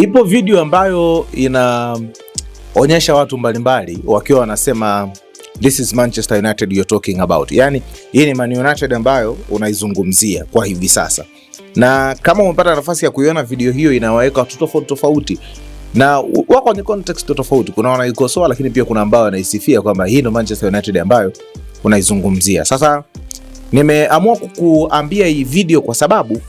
Ipo video ambayo inaonyesha watu mbalimbali wakiwa wanasema this is Manchester United you're talking about, yani hii ni Man United ambayo unaizungumzia kwa hivi sasa. Na kama umepata nafasi ya kuiona video hiyo, inawaweka watu tofauti tofauti na wako kwenye context tofauti. Kuna wanaikosoa, lakini pia kuna ambao wanaisifia kwamba hii ndo Manchester United ambayo unaizungumzia. Sasa nimeamua kukuambia hii video kwa sababu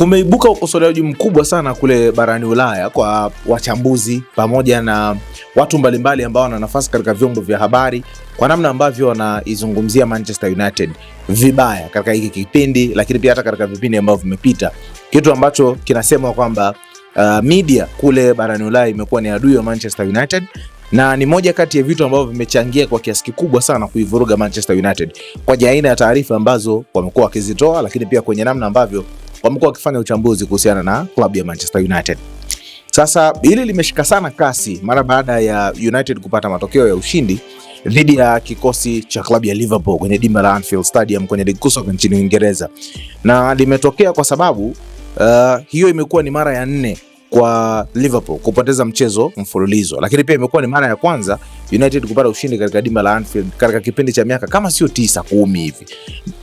Kumeibuka ukosolewaji mkubwa sana kule barani Ulaya kwa wachambuzi pamoja na watu mbalimbali ambao wana nafasi katika vyombo vya habari kwa namna ambavyo wanaizungumzia Manchester United vibaya katika hiki kipindi, lakini pia hata katika vipindi ambavyo vimepita, kitu ambacho kinasemwa kwamba uh, media kule barani Ulaya imekuwa ni adui wa Manchester United na ni moja kati ya vitu ambavyo vimechangia kwa kiasi kikubwa sana kuivuruga Manchester United kwa aina ya taarifa ambazo wamekuwa wakizitoa, lakini pia kwenye namna ambavyo wamekuwa wakifanya uchambuzi kuhusiana na klabu ya Manchester United. Sasa hili limeshika sana kasi mara baada ya United kupata matokeo ya ushindi dhidi ya kikosi cha klabu ya Liverpool kwenye dimba la Anfield Stadium kwenye ligi kuu soka nchini Uingereza, na limetokea kwa sababu uh, hiyo imekuwa ni mara ya nne kwa Liverpool kupoteza mchezo mfululizo, lakini pia imekuwa ni mara ya kwanza United kupata ushindi katika dimba la Anfield katika kipindi cha miaka kama sio tisa kumi hivi,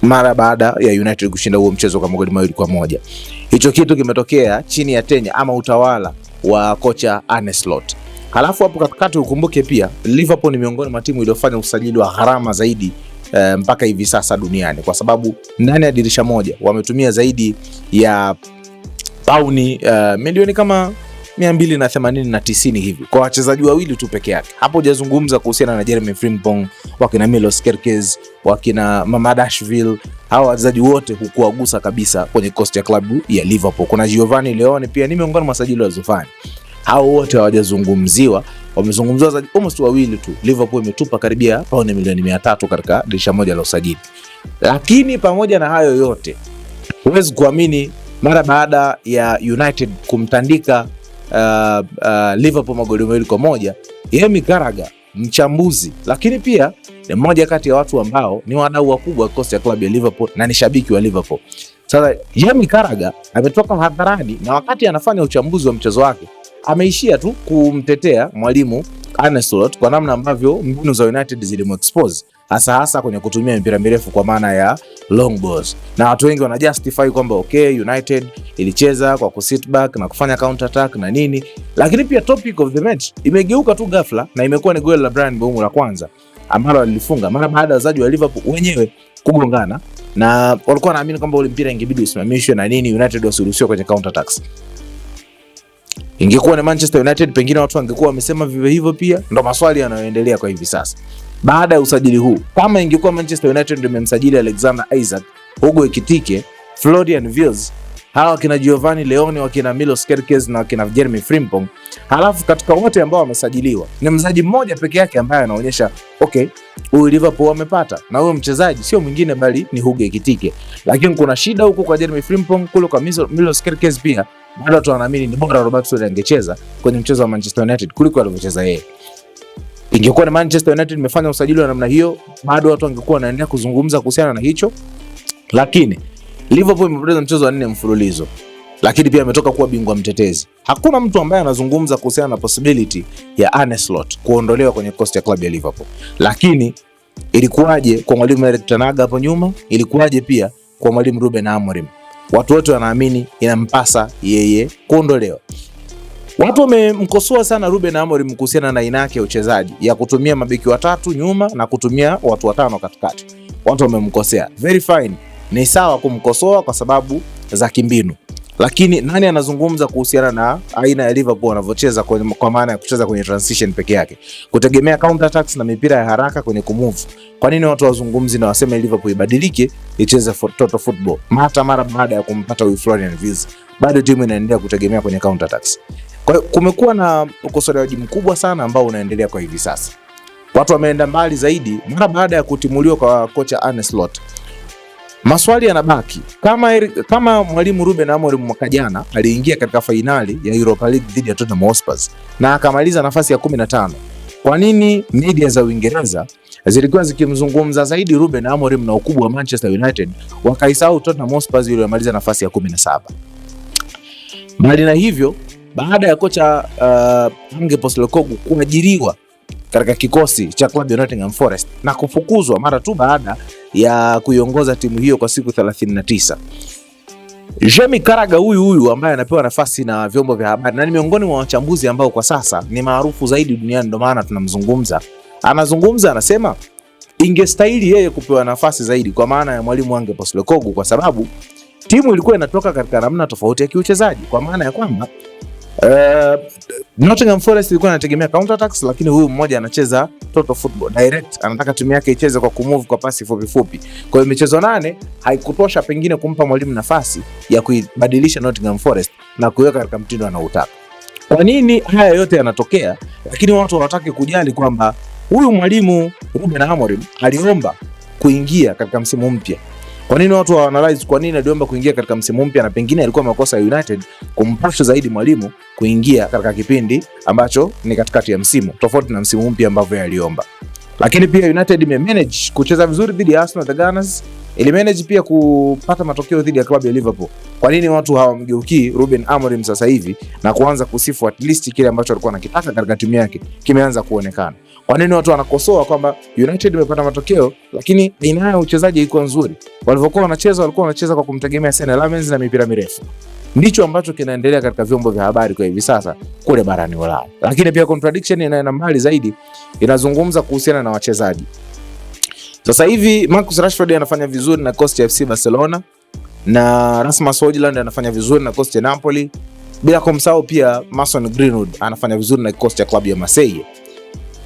mara baada ya United kushinda huo mchezo kwa magoli mawili kwa moja. Hicho kitu kimetokea chini ya tenya ama utawala wa kocha Arne Slot. Halafu hapo katikati ukumbuke pia Liverpool ni miongoni mwa timu iliyofanya usajili wa gharama zaidi e, mpaka hivi sasa duniani kwa sababu ndani ya dirisha moja wametumia zaidi ya pauni e, milioni kama mia hivi kwa wachezaji wawili tu peke yake. Hapo hujazungumza kuhusiana na Jeremy Frimpong, wakina Milos Kerkez, wakina Mamadashville. hawa wachezaji wote hukuwagusa kabisa kwenye cost ya klabu ya Liverpool. Kuna Giovanni Leone pia ni miongoni mwa wasajili wa Zufani. hao wote hawajazungumziwa, wamezungumziwa wachezaji almost wawili tu. Liverpool imetupa karibia pauni milioni 300 katika dirisha moja la usajili. Lakini pamoja na hayo yote, huwezi kuamini, mara baada ya United kumtandika uh, uh, Liverpool magoli mawili kwa moja. Yemi Garaga mchambuzi, lakini pia ni mmoja kati ya watu ambao ni wadau wakubwa wa kikosi cha klabu ya Liverpool na ni shabiki wa Liverpool. Sasa Yemi karaga ametoka hadharani na wakati anafanya uchambuzi wa mchezo wake ameishia tu kumtetea mwalimu Arne Slot kwa namna ambavyo mbinu za United zilimexpose hasa hasa kwenye kutumia mipira mirefu kwa maana ya long balls. Na watu wengi wana justify kwamba okay, United ilicheza kwa ku sit back na kufanya counter attack na nini, lakini pia topic of the match imegeuka tu ghafla na imekuwa ni goal la Bryan Mbeumo la kwanza ambalo alifunga mara baada ya wazaji wa Liverpool wenyewe kugongana, na walikuwa wanaamini kwamba ule mpira ingebidi usimamishwe na nini, United wasiruhusiwe kwenye counter attacks. Ingekuwa ni Manchester United, pengine watu wangekuwa wamesema vivyo hivyo pia. Ndo maswali yanayoendelea kwa hivi sasa baada ya usajili huu. Kama ingekuwa Manchester United ndio imemsajili Alexander Isaac, Hugo Ekitike, Florian Wirtz, hawa wakina Giovanni Leone, wakina Milos Kerkez na wakina Jeremy Frimpong, halafu katika wote ambao wamesajiliwa ni mchezaji mmoja peke yake ambaye anaonyesha okay, huyu Liverpool wamepata, na huyo mchezaji sio mwingine bali ni Hugo Ekitike. Lakini kuna shida huko kwa Jeremy Frimpong, kule kwa Milos Kerkez pia bado tunaamini ni bora Robertson angecheza kwenye mchezo wa Manchester United kuliko alivyocheza yeye. Ingekuwa ni Manchester United imefanya usajili wa namna hiyo, bado watu wangekuwa wanaendelea kuzungumza kuhusiana na hicho, lakini Liverpool imepoteza mchezo wa nne mfululizo, lakini pia ametoka kuwa bingwa mtetezi. Hakuna mtu ambaye anazungumza kuhusiana na possibility ya Arne Slot kuondolewa kwenye cost ya klabu ya Liverpool, lakini ilikuwaje kwa mwalimu Erik ten Hag hapo nyuma? Ilikuwaje pia kwa mwalimu Ruben Amorim? Watu wote wanaamini inampasa yeye kuondolewa. Watu wamemkosoa sana Ruben Amorim kuhusiana na aina yake ya uchezaji ya kutumia mabeki watatu nyuma na kutumia watu watano katikati. Watu wamemkosea. Very fine. Ni sawa kumkosoa kwa sababu za kimbinu. Lakini nani anazungumza kuhusiana na aina ya Liverpool wanavyocheza kwa maana ya kucheza kwenye transition peke yake, kutegemea counter attacks na mipira ya haraka kwenye kumove? Kwa nini watu wazungumzi na waseme Liverpool ibadilike icheze total football? Hata mara baada ya kumpata huyu Florian Wirtz, bado timu inaendelea kutegemea kwenye counter attacks. Kwa hiyo kumekuwa na ukosolewaji mkubwa sana ambao unaendelea kwa hivi sasa. Watu wameenda mbali zaidi mara baada ya kutimuliwa kwa kocha Arne Slot. Maswali yanabaki kama, kama mwalimu Ruben Amorim mwaka jana aliingia katika fainali ya Europa League dhidi ya Tottenham Hotspur na akamaliza nafasi ya 15. Kwa nini media za Uingereza zilikuwa zikimzungumza zaidi Ruben Amorim na ukubwa wa Manchester United wakaisahau Tottenham Hotspur iliyomaliza nafasi ya 17? Mbali na hivyo baada ya kocha uh, Ange Postecoglou kuajiriwa katika kikosi cha klabu ya Nottingham Forest na kufukuzwa mara tu baada ya kuiongoza timu hiyo kwa siku 39. Jamie Carragher huyu huyu ambaye anapewa nafasi na vyombo vya habari na ni miongoni mwa wachambuzi ambao kwa sasa ni maarufu zaidi duniani, ndio maana tunamzungumza. Anazungumza, anasema ingestahili yeye kupewa nafasi zaidi, kwa maana ya mwalimu Ange Postecoglou, kwa sababu timu ilikuwa inatoka katika namna tofauti ya kiuchezaji, kwa maana ya kwamba Uh, Nottingham Forest ilikuwa inategemea counter attacks, lakini huyu mmoja anacheza total football direct, anataka timu yake icheze kwa kumove kwa pasi fupi fupi. Kwa hiyo michezo nane haikutosha pengine kumpa mwalimu nafasi ya kuibadilisha Nottingham Forest na kuiweka katika mtindo anaoutaka. Kwa nini haya yote yanatokea? Lakini watu hawataki kujali kwamba huyu mwalimu Ruben Amorim aliomba kuingia katika msimu mpya kwa nini watu wanaanalyze kwa nini aliomba kuingia katika msimu mpya, na pengine alikuwa makosa ya United kumpusha zaidi mwalimu kuingia katika kipindi ambacho ni katikati ya msimu, tofauti na msimu mpya ambavyo aliomba Lakini pia United imemanage kucheza vizuri dhidi ya Arsenal the Gunners Ilimanage pia kupata matokeo dhidi ya klabu ya Liverpool. Kwa nini watu hawamgeukii Ruben Amorim sasa hivi na kuanza kusifu at least kile ambacho alikuwa anakitaka katika timu yake kimeanza kuonekana? Kwa nini watu wanakosoa kwamba United imepata matokeo lakini aina ya uchezaji iko nzuri? Walivyokuwa wanacheza walikuwa wanacheza kwa kumtegemea Senne Lammens na mipira mirefu. Ndicho ambacho kinaendelea katika vyombo vya habari kwa hivi sasa kule barani Ulaya. Lakini pia contradiction inaenda mbali zaidi, inazungumza kuhusiana na wachezaji. Sasa hivi Marcus Rashford anafanya vizuri na kosti FC Barcelona na Rasmus Hojlund anafanya vizuri na kosti Napoli, bila kumsahau pia Mason Greenwood anafanya vizuri na kosti ya klabu ya Marseille.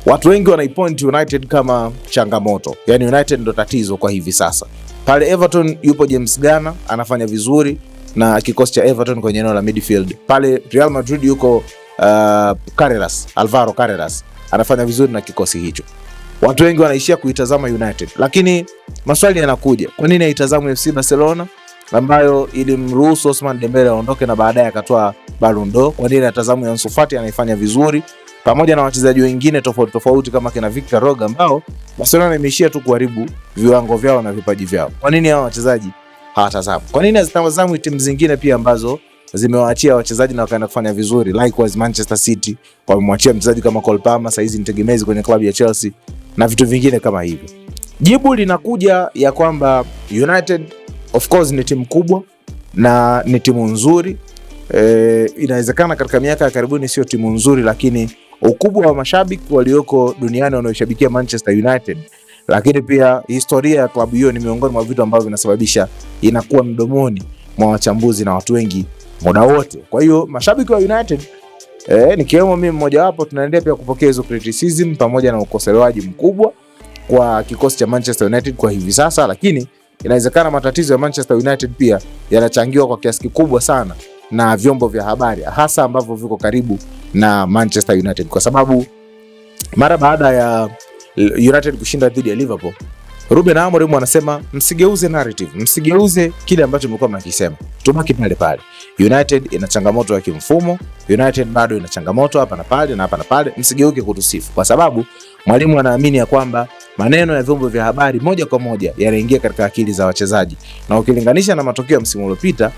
Watu wengi wanaipoint United kama changamoto, yani United ndo tatizo kwa hivi sasa. Pale Everton yupo James Garner anafanya vizuri na kikosi cha Everton kwenye eneo la midfield. Pale Real Madrid yuko uh, Carreras, Alvaro Carreras anafanya vizuri na kikosi hicho watu wengi wanaishia kuitazama United, lakini maswali yanakuja, kwa nini aitazama FC Barcelona ambayo ilimruhusu Osman Dembele aondoke na baadaye akatoa Ballon d'Or? Kwa nini atazama Ansu Fati anaifanya vizuri pamoja na wachezaji wengine tofauti tofauti kama kina Victor Roga ambao Barcelona imeishia tu kuharibu viwango vyao na vipaji vyao. Kwa nini hao wachezaji hawatazamu? Kwa nini hazitazamwi timu zingine pia ambazo zimewaachia wachezaji na wakaenda kufanya vizuri? Likewise Manchester City wamemwachia mchezaji kama Cole Palmer, saizi nitegemezi kwenye klabu ya Chelsea, na vitu vingine kama hivyo. Jibu linakuja ya kwamba United of course ni timu kubwa na ni timu nzuri e, inawezekana katika miaka ya karibuni sio timu nzuri, lakini ukubwa wa mashabiki walioko duniani wanaoshabikia Manchester United, lakini pia historia ya klabu hiyo ni miongoni mwa vitu ambavyo vinasababisha inakuwa mdomoni mwa wachambuzi na watu wengi muda wote. Kwa hiyo mashabiki wa United eh, nikiwemo mimi mmojawapo. Tunaendelea pia kupokea hizo criticism pamoja na ukosolewaji mkubwa kwa kikosi cha Manchester United kwa hivi sasa, lakini inawezekana matatizo ya Manchester United pia yanachangiwa kwa kiasi kikubwa sana na vyombo vya habari hasa ambavyo viko karibu na Manchester United, kwa sababu mara baada ya United kushinda dhidi ya Liverpool Ruben Amorim anasema msigeuze narrative, msigeuze kile ambacho mlikuwa mnakisema, tubaki pale pale. United ina changamoto ya kimfumo, United bado ina changamoto hapa na pale na hapa na pale, msigeuke kutusifu, kwa sababu mwalimu anaamini ya kwamba maneno ya vyombo vya habari moja kwa moja yanaingia katika akili za wachezaji, na ukilinganisha na matokeo ya msimu uliopita,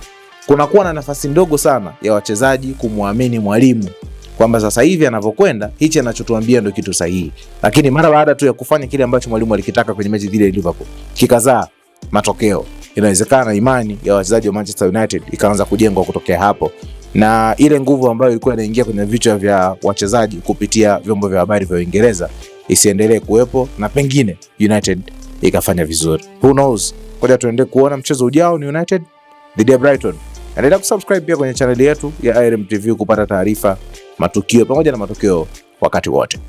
kunakuwa na nafasi ndogo sana ya wachezaji kumwamini mwalimu kwamba sasa hivi anavyokwenda hichi anachotuambia ndio kitu sahihi, lakini mara baada tu ya kufanya kile ambacho mwalimu alikitaka kwenye mechi dhidi ya Liverpool kikazaa matokeo, inawezekana imani ya wachezaji wa Manchester United ikaanza kujengwa kutokea hapo, na ile nguvu ambayo ilikuwa inaingia kwenye vichwa vya wachezaji kupitia vyombo vya habari vya Uingereza isiendelee kuwepo, na pengine United ikafanya vizuri. Who knows? Koja tuende kuona mchezo ujao ni United dhidi ya Brighton. Endelea kusubscribe pia kwenye chaneli yetu ya IREM TV kupata taarifa, matukio pamoja na matokeo wakati wote.